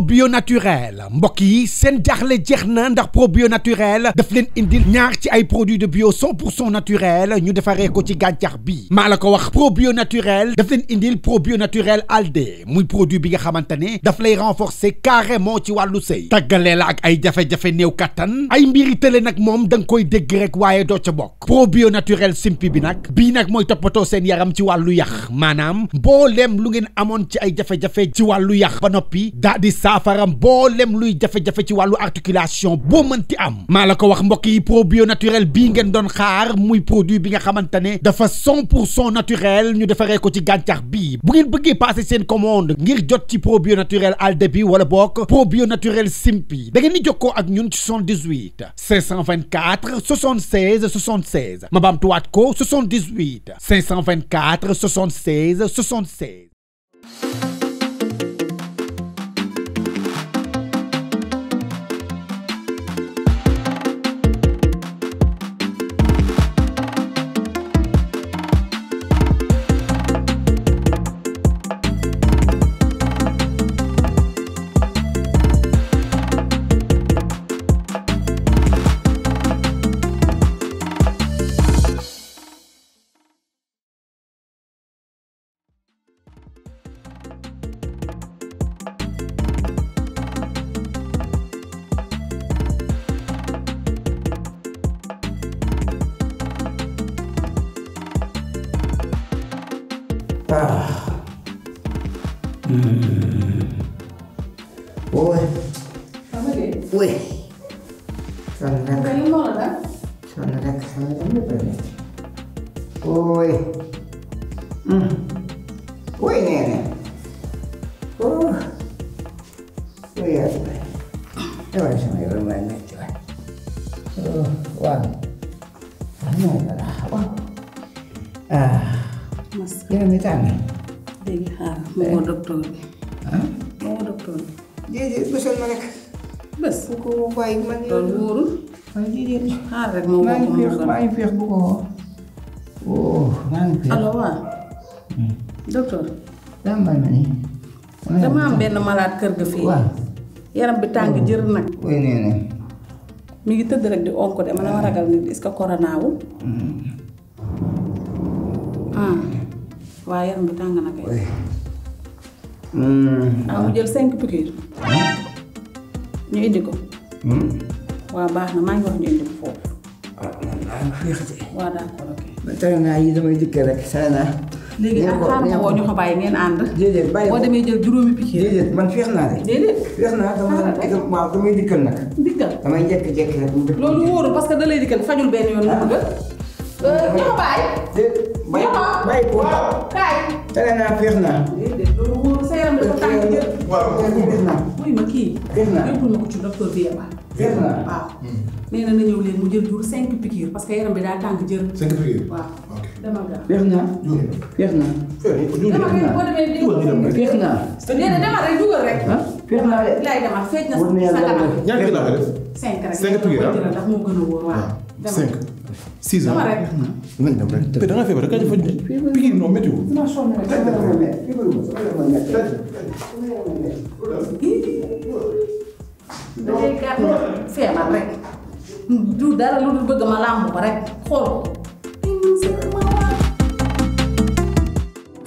bio naturel mbokk yi les jaaxle jeex ndax probio naturel daf leen indil ñaar ci ay de bio 100 naturel ñu defaree ko ci gàncax bi mala ko wax probio naturel daf leen indil probio naturel alde muy produit bi nga xamantane renforcé daf lay renforcer carrément ci walu sey tagalé la ak ay jafé jafé new katan ay mbiri tële koy dégg rek probio naturel simpi bi nak bi nak moy topoto sen yaram ci walu yax Manam. Bolem lu ngeen amone ci ay saafara mboolem luy jafé jafé ci walu articulation boo mënti am malako wax mbokk yi probio naturel bing ngeen don xaar muy produit bi nga xamantane dafa 100 naturel ñu defaree ko ci gàncax bi bu ngeen bëggé passer seen commande ngir jot ci probio naturel al début wala bok probio naturel simpi da ngeen di jokkoo ak ñun ci 78 524 76 76 ma baamtuwaat ko 78 524 76 76. Oi. Oi. Sonnenak. Tá indo embora, Sonnenak, sonnenak meu bem. Oi. Hum. Oi, Nene. Oh. Oi, Asma. Eu acho que eu não vou meter. Oh, uau. Ah, não, não, não. Ah. Mas... Eu não me dá, né? موجود دكتور موجود دكتور déedéet bësal ma rek. bës bu ko bàyyi man yow wóorul. waaye déedéet xaar rek ma woo ko mu gën maa ngi bu ko woo. maa ngi allo waaw. docteur. dama ma ni. dama am benn malade kër ga yaram bi oui mi ngi gitu rek di onk man ragal est-ce corona wu. Hmm. ah waaw yaram bi tàng waaw jël cinq piqûres. ñu indi ko. Hmm? waaw baax na maa ngi wax ñu indi ko foofu. ah waaw ah, ah, d'accord ok. ba damay dikkee rek say naa. léegi ak xaaral ma woo ñu ko bàyyi ngeen ànd. déedéet bàyyi boo demee jël juróomi piqûre. déedéet man feex naa de. déedéet feex naa dama waaw damay dikkal nag. dikkal damay jékki-jékki rek. loolu wóorul parce que da lay dikkal fajul benn yoon. ñu ko bàyyi. bàyyi ko. waaw kaay. naa naa. waaw mooy kii. yóbbul ma na na ñëw leen mu jël jur cinq piqûres parce que yaram bi daa tàng jël. cinq piqûres waaw. ok dama gaaw. feex naa. feex demal feex naa de. lay demal feeñ na sa kanam. ñaata def. cinq rek. cinq ndax moo gën a wóor waaw. 6 ans rek te da nga feebar kañ fa piqûre non météo. da ngay gàtt feebar rek du dara lu dul bëgg ma làmb ba rek xool.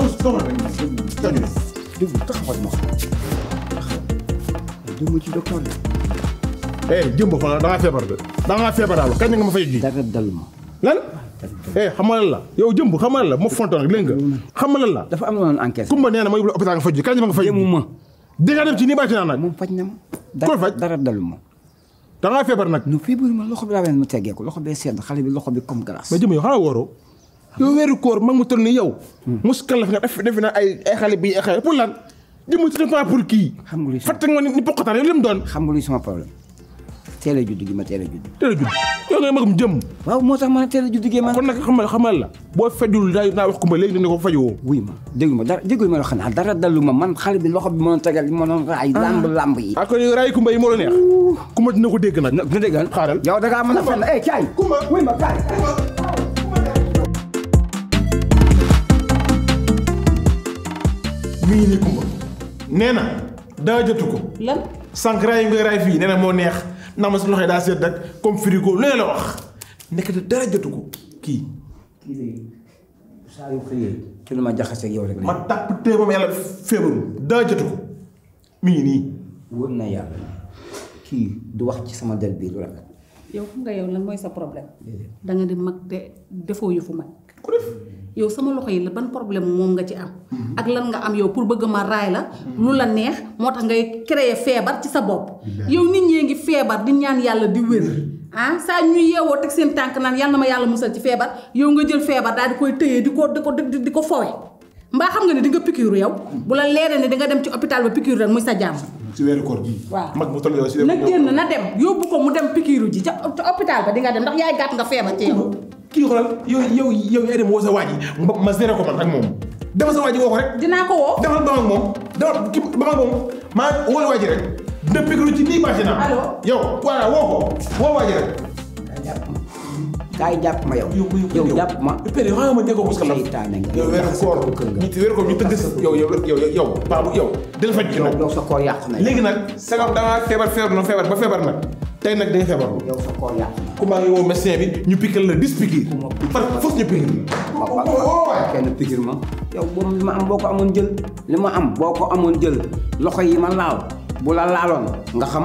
dégg nga taxawal ma xam taxawal déglu ci docteur bi. eh jëmb fa da ngaa feebar de da ngaa feebar daal kañ nga ma fay ji. dara dal ma. lan eh xamal la yow jëmb xamal la ma fontoon rek léegi nga xamal la. dafa am lu ma enquête. Kumba nee na ma yóbbu la hôpital nga faj ji kañ nga ma fay ji. jëmu ma. dégg nga dem ci nii bàyyi ci naan nag. moom faj na ma. dara faj dara dalu ma. da ngaa feebar nag. non feebar ma loxo bi daa mel ni mu teggeeku loxo bee sedd xale bi loxo bi comme glace. mais jëmb yow xanaa wóoroo. yow weeru koor mag mu toll nii yow. muskal la fi nga def defi na ay ay xale bi ay xale pour lan jëmm ci pas pour kii. xam nga li sama fàtte nga ni bokkataan yow li mu doon. xam nga li sama problème teel a judd gi ma teel a judd. teel a judd yow ngay magum jëm. waaw moo tax ma teel a judd gi ma. kon nag xamal xamal la boo fejul daa naa wax kumba léegi ne ko fajoo. wuy ma déggu ma dara déggu ma loo xam ne dara dalu ma man xale bi loxo bi ma doon tegal ma doon raay. Ah. lamb lamb yi. ah kon raay kumba yi moo la neex. kumba dina ko dégg nag. na dégg xaaral. yow da ngaa mën a fenn eh caay. kumba wuy ma mi ngi nee na daajatu ko. lan sànq raay nga raay fii nee na moo neex ndax ma su loxo daa sedd ak comme frigo wax nekk de ko kii. kii lu ma jaxase ak yow rek. ma tàpp tee moom yàlla feebaru daa ko mi ngi na yàlla kii du wax ci sama del bii lu rafet. yow xam nga yow lan mooy sa problème. da nga di mag te defoo yu mag. yow sama loxoy la ban problème mom nga ci am mhm. ak lan nga am yow pour bëgg ma ray la mhm. lu la neex motax ngay créer fièvre ci sa bop yow nit ñi ngi fièvre di ñaan yalla di wër mhm. ah sa ñu yéwo tek seen tank naan yalla na ma yalla mussal ci fièvre yow nga jël fièvre daal di koy teyé di ko di ko di ko fowé mba xam nga ni di nga piqûre yow bu la léré ni di nga dem ci hôpital ba piqûre rek muy sa jamm ci wéru koor gi mag mu tollu yow na génn na dem yobbu ko mu dem piqûre ji ci hôpital ba di nga dem ndax yaay gatt nga fièvre ci yow kii xoolal yow yow yow yaa dem woo sa waa ji ma ma zéré ko man ak moom dama sa waa rek. dinaa ko woo. demal ba ak moom demal ki ba ak moom maa woo waa ji rek dina pikiru ci nii bàcc naa. allo yow voilà woo ko woo waa ji rek. kaa jàpp ma kaa jàpp ma yow. yow jàpp ma. péré xaaral ma déggoo parce que. yow weeru koor ñu weeru koor ñu tëgg yow yow yow yow baabu yow. dina faj ci nag yow sa koor yàqu na léegi nag sagam da ngaa feebar feebar feebar ba feebar nag tey nag da nga feebar yow sa koor yàqu na ku maa ngi woo médecin bi ñu piquer la dix piqûres par force ñu piquer la kenn piqûre ma yow boobu li ma am boo ko amoon jël li ma am boo ko amoon jël loxo yi ma laal bu la laaloon nga xam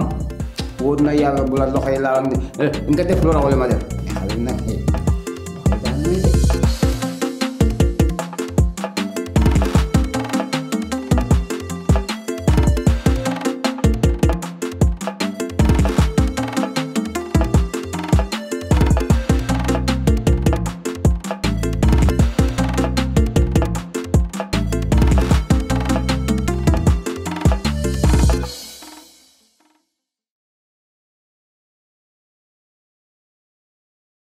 wóor na yàlla bu la loxo yi laaloon eh, nga def lu raw li ma def